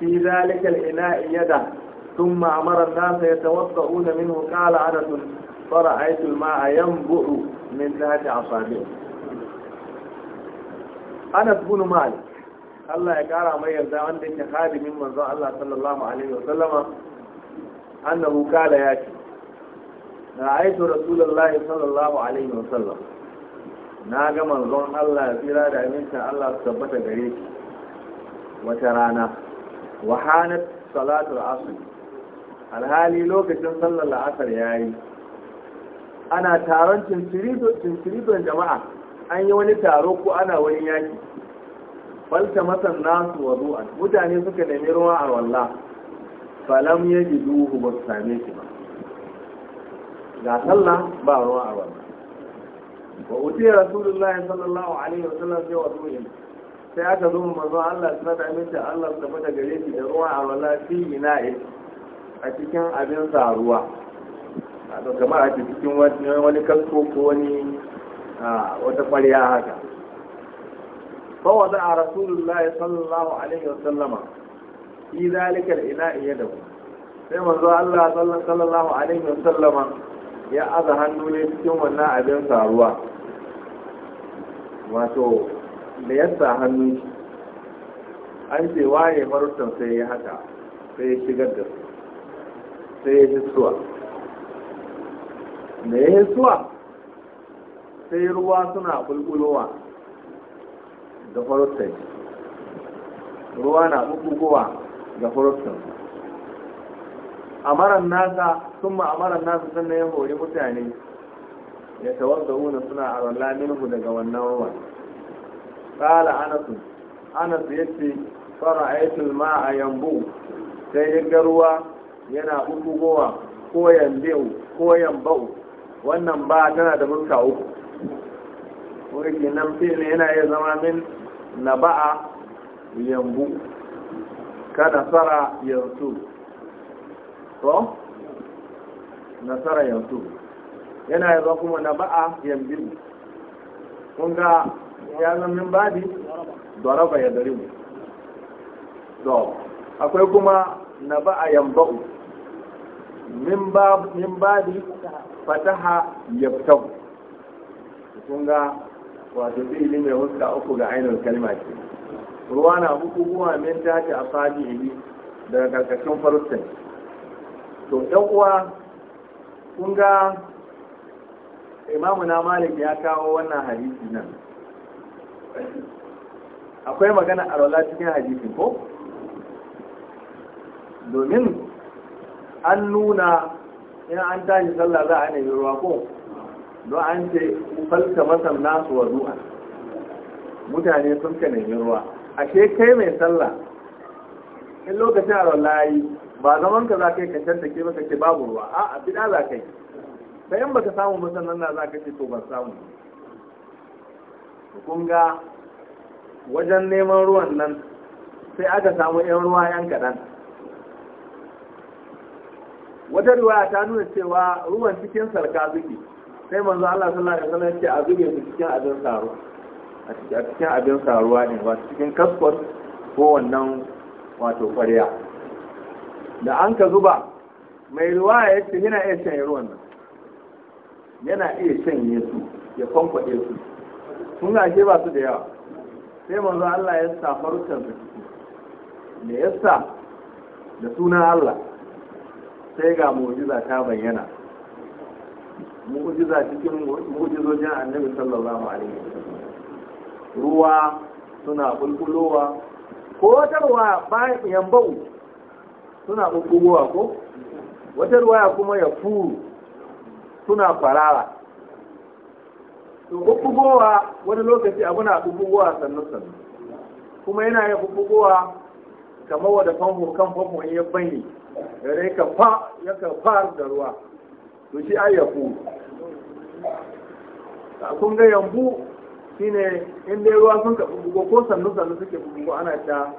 في ذلك الإناء يده ثم أمر الناس يتوضؤون منه قال أنس فرأيت الماء ينبع من ذات أصابعه أنا بن مالك الله يقرأ ما يرضى عندك خادم من الله صلى الله عليه وسلم أنه sallama annahu رأيت رسول الله صلى الله عليه وسلم da منظر الله سيرا دعمين الله ثبت قريش وترانا وحانت صلاة العصر alhali lokacin sallar la'asar ya yi ana taron cinciriton jama'a an yi wani taro ko ana wani yaki falta masan nasu wa zuwan mutane suka nemi ruwa a walla falam ya duhu ba su same shi ba ga sallah ba ruwa a wannan wa utiya rasulullahi sallallahu alaihi wa sallam sai wa tuhin sai aka zo manzo Allah ta da aminta Allah ta fada gare shi da ruwa a wala fi ina'i a cikin abin sa ruwa zo kamar a cikin wani kasko ko wani wata ƙwarya haka fawada a rasulullahi sallallahu alaihi wa sallama fi zalika al-ina'i ku? sai manzo Allah sallallahu alaihi wa ya aza hannu ne cikin wannan abin saruwa wato da ya sa hannu an ce waye farautan sai ya haka sai ya shigar da su sai ya hissuwa da ya hissuwa sai ruwa suna bulbulowa da farautan ruwa na bukukuwa da farautan a maran nasa sun ma'amalar nasu na ya hori mutane ya tawarda suna a rala minhu daga wannan ruwan Kala anasu anasu ya ce fara aikin ma a yambu sai ya ga yana uku ko yambo, ko yambu wannan ba tana da mulka uku wurin nan fil yana iya zama min na ba'a yambu kada fara yanzu nasara yanzu yana yanzu kuma na ba'a yanzu kun ga ya zamin babi daraba ya mu, to akwai kuma na ba'a ba'u? min bi fataha yabtau kun ga wato fi'ili mai huska uku ga ainihin kalma ce ruwa na bukukuwa min tashi a fadi daga karkashin farustan to ɗan uwa Kunga ga imamu na malik ya kawo wannan hadisi nan akwai magana a rola cikin hadisi ko domin an nuna in an tashi sallah za a nemi ruwa ko don an ce falka masan nasu wa zuwa mutane sun ka nemi ruwa ashe kai mai sallah in lokacin a rola yi ba zaman ka za ka yi kancan take ba kake babu ruwa a a bida za ka yi sai in baka samu ba sannan na za ka ce to ban samu kun ga wajen neman ruwan nan sai aka samu yan ruwa yan kaɗan wata riwaya ta nuna cewa ruwan cikin sarka zuke sai manzo Allah sallallahu alaihi wasallam ce a zuge su cikin abin saro a cikin abin saruwa ne ba cikin kaskon ko wannan wato ƙwarya da an ka zuba mai ruwa ya ce yana iya shanye ruwan nan yana iya shanye su ya kwankwaɗe su sun gashe ba su da yawa sai manzo Allah ya sa farukan su ya sa da sunan Allah sai ga mu'jiza ta bayyana mu'jiza cikin mu'jizojin annabi sallallahu alaihi wasallam ruwa suna bulbulowa ko ta ruwa bayan yambau suna ɓuɓɓugowa ko wata ruwaya kuma ya furu suna kwarara to ɓuɓɓugowa wani lokaci abu na ɓuɓɓugowa sannu sannu kuma yana yin ɓuɓɓugowa kamar wadda famfo kan famfo ya bani ya rai ka fa ya ka far da ruwa to shi ai ya furu kun ga yambu shine in dai ruwa sun ka ɓuɓɓugo ko sannu sannu suke ɓuɓɓugo ana ta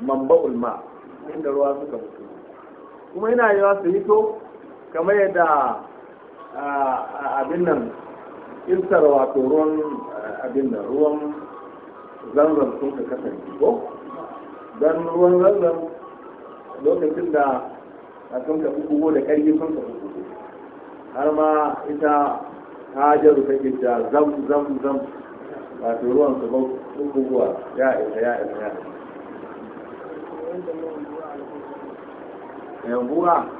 mamba'ul ma' inda ruwa suka mutu kuma ina yi su hito kamar yadda abin nan iskar wato ruwan abin nan ruwan zanzan sun ka kasance ko don ruwan zanzan lokacin da a sun ka bugo da karfi sun ka bugo har ma ita ta take da zam zam zam wato ruwan su bugowa ya isa ya isa ya isa yanguwa eh,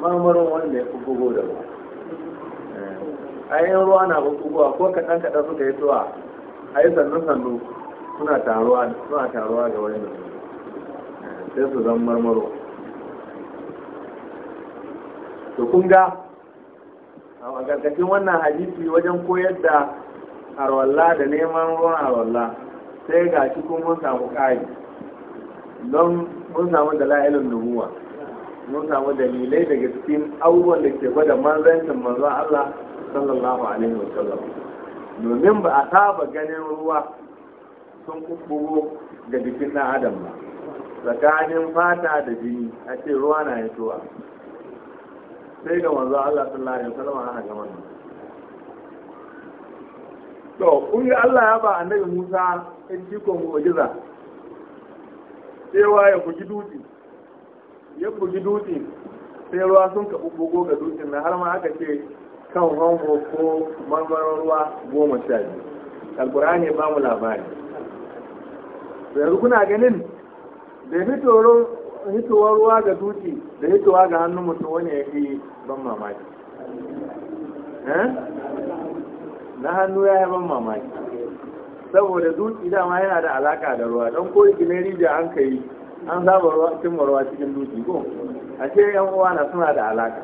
mamarin wanda ya fi gugu da ruwa yin eh, ruwa na bugowa ko kaɗan kaɗan suka yi tuwa a yi sannu sannu suna taruwa suna taruwa ga wani eh, sai su zan marmaro to kun ga a ƙarƙashin wannan hadisi wajen koyar da harwalla da neman ruwan harwalla sai ga shi kun mun samu ƙari don mun samu da la'ilin nubuwa mun samu dalilai daga cikin abubuwan da ke gwada manzancin manzon Allah sallallahu alaihi wa sallam domin ba a saba ganin ruwa sun kubbubo ga jikin ɗan adam ba tsakanin fata da jini a ce ruwa na hitowa sai ga manzon Allah sallallahu alaihi wa sallam aka ga wannan to kun Allah ya ba annabi Musa in cikon mu'jiza cewa ya bugi dutse ya bugi dutse sai ruwa sun ka bugo ga dutsen na har ma aka ce kan hango ko marmarin ruwa goma sha biyu alkur'ani ba mu labari yanzu kuna ganin da hitowar ruwa ga dutse da hitowa ga hannun mutum wani ya fi ban mamaki eh? na hannu ya yi ban mamaki saboda dutse dama yana da alaka da ruwa don ko gine rijiya an kai an saba ruwa cimma ruwa cikin dutse ko a ce yan uwa na suna da alaka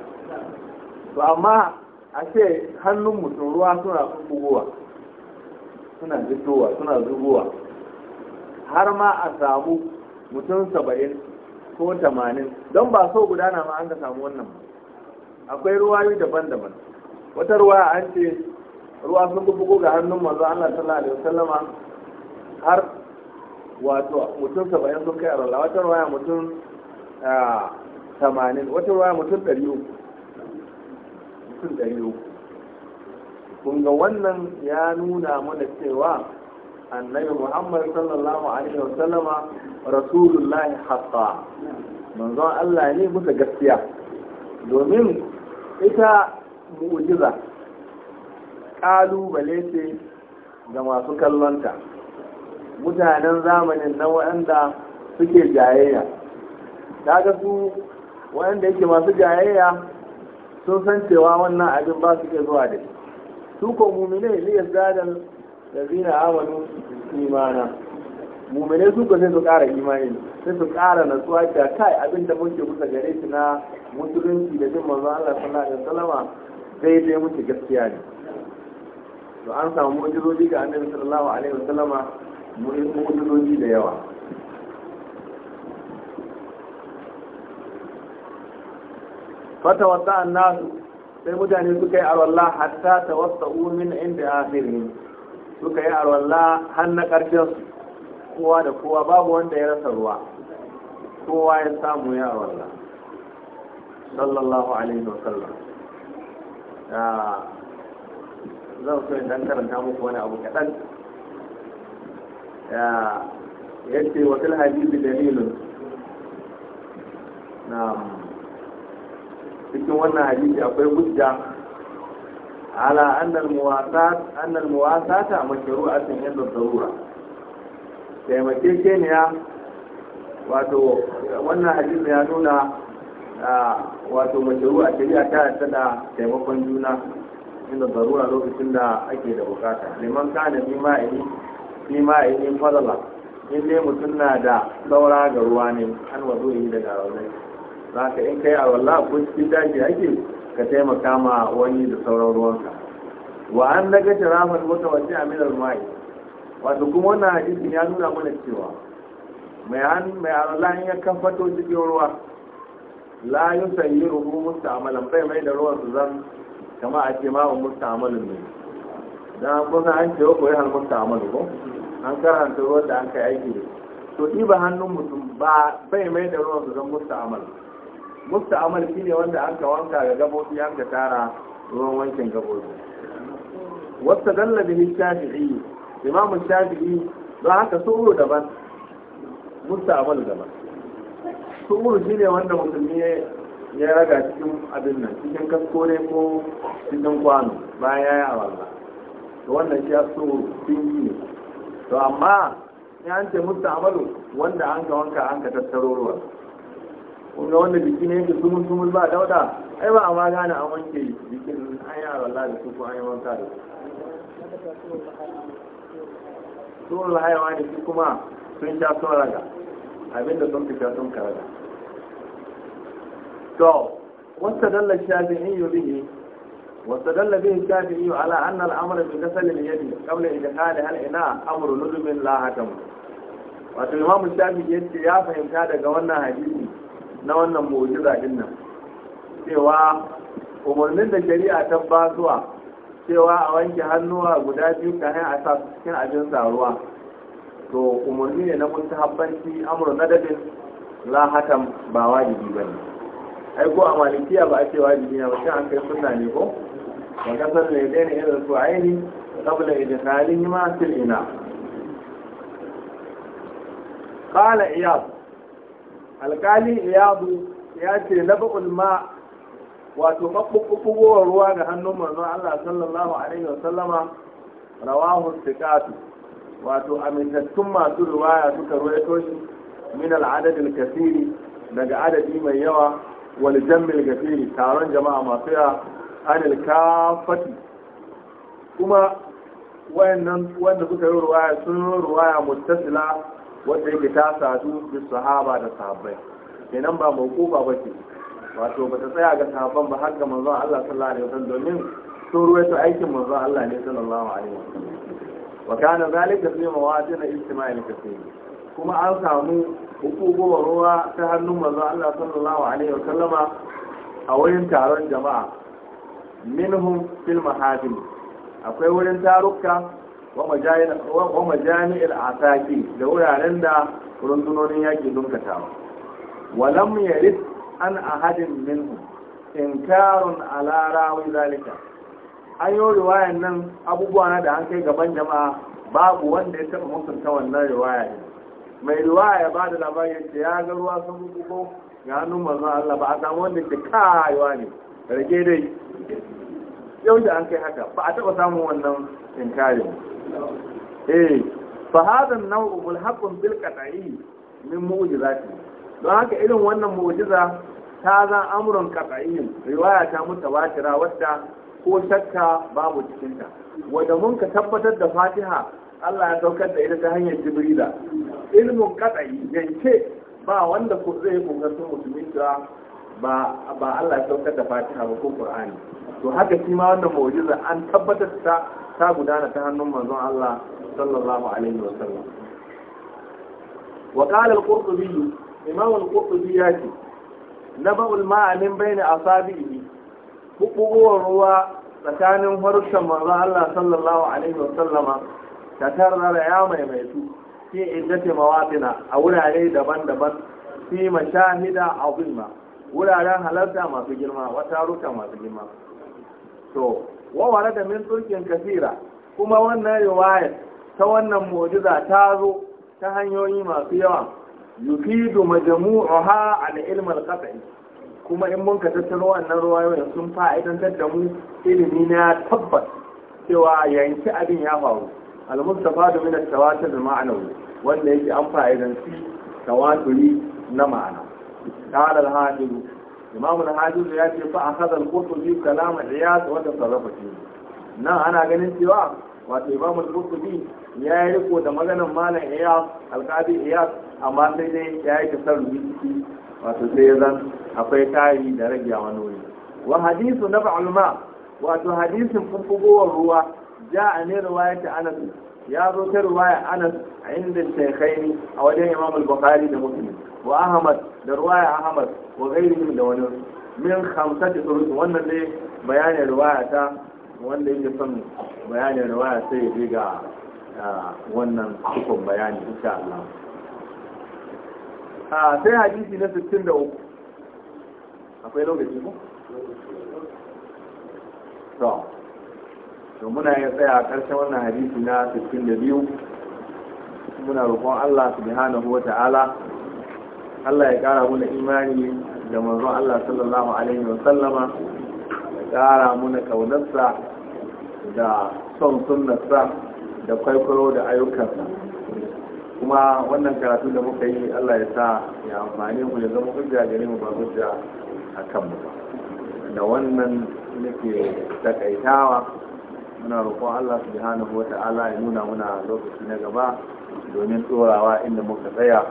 to amma a ce hannun mutum ruwa suna bugowa suna suna zubowa har ma a samu mutum saba'in ko tamanin don ba so gudana ma an ka samu wannan akwai ruwayu daban-daban wata ruwa an ce ruwa sun bugu ga hannun manzo Allah sallallahu alaihi wasallama har wato mutum saba'in sun kai arwala wata ruwaya mutum ah, tamanin wata ruwaya mutum ɗari uku mutum ɗari uku kun ga wannan ya nuna mana cewa annabi muhammad sallallahu alaihi wasallama rasulullahi hatta manzon Allah ne musa gaskiya domin ita mu'jiza ƙalubale ce ga masu kallonta mutanen zamanin na waɗanda suke jayayya Ta su waɗanda yake masu jayayya sun san cewa wannan abin ba su zuwa da su ko mumine liyar zadar da zina amanu imana mumine su ko sai su ƙara imani sai su ƙara natsuwa ta kai abin da muke kusa gare shi na musulunci da jin manzon Allah sallallahu alaihi wasallama muke gaskiya ne to an samu mu'jizoji ga annabi sallallahu alaihi wasallama mu'jizoji da yawa fata wata annasu sai mutane suka yi arwallah hatta ta wasta umin inda afirin suka yi arwallah har na ƙarshen kowa da kowa babu wanda ya rasa ruwa kowa ya samu ya arwallah sallallahu alaihi wasallam ah. zan so in dan karanta muku wani abu kaɗan yace wa fil hadisi dalilun na cikin wannan hadisi akwai hujja ala anna al-muwasat anna al-muwasata mashru'atun inda darura taimakekeniya wato wannan hadisi ya nuna ah, wato mashru'a shari'a ta tada taimakon juna inda zarura lokacin da ake da bukata liman kana fi ma'ini fi ma'ini fadala in dai na da saura ga ruwa ne an wazo yi daga rawar za ka in kai a wallah ko cikin daji ake ka taimaka ma wani da sauran ruwanka wa an daga wata wace a minar mai wato kuma wannan hadisin ya nuna mana cewa mai an mai alalan ya kafato cikin ruwa la yusayyiruhu musta'malan bai mai da ruwan su zan kama a ce ma'un musta'amalin ne an kun an ce ko har hal musta'amalu ko an karanta ruwan da an kai aiki da to ɗiba hannun mutum ba bai mai da ruwan su zan musta'amal musta'amal shi ne wanda an ka wanka ga gabobi an ka tara ruwan wankin gabobi wasta dalla bihi shafi'i imamun shafi'i don haka uru daban musta'amal daban suru shi ne wanda mutum ne. ya raga cikin abin nan cikin kasko ne ko cikin kwano bayan ya yi awalla to wannan shi ya so sun yi ne. to amma ya an ce musta amalu wanda an ka wanka an ka tattaro ruwa kuma wanda jiki ne yake sumul sumul ba dauda ai ba a ma gane an wanke jikin an yi awalla da su ko an yi wanka da su tsoron hayawa da su kuma sun sha sun raga abinda sun fi sha sun karaga to واستدل الشافعي به واستدل به الشافعي على أن الأمر بغسل اليد قبل إدخالها الإناء أمر ندم لا حكم wato imam shafi ya fahimta daga wannan hadisi na wannan mu'jiza din nan cewa umarnin da shari'a ta ba zuwa cewa a wanke hannuwa guda biyu kafin a sa su cikin abin tsaruwa, to umarni ne na mustahabbanci amru nadabin la hatam ba wajibi bane ai ko a malikiya ba a ce wajibi ne ba sai an kai sunna ne ko wa kasar da yadda ne irin su aini kabla idkhalin ma fil ina qala iyad alqali iyad ya ce nabul ma wato mabbubbuwar ruwa ga hannun manzo Allah sallallahu alaihi wa sallama rawahu thiqatu wato amintattun masu ruwaya suka ruwaito shi min al'adadil kasiri daga adadi mai yawa wal jamil gafiri taron jama'a masu yawa anil kafati kuma wayannan wanda suka yi ruwaya sun yi ruwaya muttasila wanda yake ta sadu bi sahaba da sahabbai kenan ba ba ce wato ba ta tsaya ga sahabban ba har ga manzon Allah sallallahu alaihi wasallam domin sun ruwaito aikin manzon Allah ne sallallahu alaihi wasallam wa kana zalika fi mawadin ijtima'il kaseer kuma an samu hukumar ruwa ta hannun mazu Allah sallallahu alaihi wasallama a wurin taron jama'a minhum fil mahadin akwai wurin taruka wa majami'il asaki da wuraren da rundunonin yaƙi sun katawa walam yarid an ahadin minhum inkarun ala rawi zalika an yi riwayan nan abubuwa na da an kai gaban jama'a babu wanda ya taɓa mutunta wannan riwaya mai ruwa ya ba da labarin ce ya ga ruwa sun ko? ga hannun manzon Allah ba a samu wanda ke kayuwa ne rage dai yau da an kai haka ba a taɓa samun wannan inkarin eh fa hadan nau'u nawu mulhaqun bil qat'i min mu'jizati don haka irin wannan mu'jiza ta zan amrun qat'iyyin riwaya ta mutawatira wadda ko shakka babu cikinta wanda mun ka tabbatar da Fatiha Allah ya saukar da ita ta hanyar jibrila ilmin kadai yance ba wanda ku zai sun musulmi cewa ba ba Allah ya saukar da Fatiha ba ko Qur'ani to haka shi ma wannan mu'jiza an tabbatar ta ta gudana ta hannun manzon Allah sallallahu alaihi wa sallam wa qala al-qurtubi imam al-qurtubi ya ce naba'ul ma'a min bayni asabihi hubbuwar ruwa tsakanin harshen manzon Allah sallallahu alaihi wa sallama ta tarrar ya maimaitu fi ingace mawaɗina a wurare daban-daban fi mashahida gulma, wuraren halarta masu girma wata ruka masu girma to wa da min turkin kasira kuma wannan riwayar ta wannan mojiza ta zo ta hanyoyi masu yawa yufidu majmu'uha al ilm al qat'i kuma in mun ka tattaro wannan riwayoyin sun fa'idantar da mu ilimi na tabbas cewa yanki abin ya faru al-mustafa da min at-tawatur ma'anawi wanda yake an fa'idanci tawaturi na ma'ana qala al-hafiz imam al-hafiz ya ce fa akhadha al-qurtubi kalam iyas wa tasarrafa nan ana ganin cewa wato imam al-qurtubi ya yi riko da maganar malam al alqadi iyas amma sai dai ya yi tasarrufi ciki wato sai ya zan akwai tayi da rage wani wuri wa hadisu na ba'alma wato hadisin fuffugowar ruwa جاء من رواية أنس يا ذو رواية أنس عند الشيخين أو جاء إمام البخاري لمسلم وأحمد لرواية أحمد وغيرهم لونر من خمسة طرق وأن اللي بيان رواية تا yake son bayanin riwaya sai ya je ga wannan cikon إن شاء الله a sai hadisi na 63 akwai lokaci ko to to muna ya tsaya a ƙarshen wannan hadisi na 62 muna roƙon Allah subhanahu wa ta'ala Allah ya ƙara muna imani da manzon Allah sallallahu alaihi wa sallama ya ƙara muna kaunarsa da son sunnarsa da kwaikwayo da ayyukansa kuma wannan karatu da muka yi Allah ya sa ya amfani mu ya zama hujja gare mu ba hujja a kanmu da wannan nake takaitawa muna roƙon Allah subhanahu wata'ala ya nuna muna lokaci na gaba domin tsorawa inda muka tsaya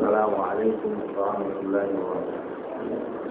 salamu alaikum wa rahmatullahi wa barakatuh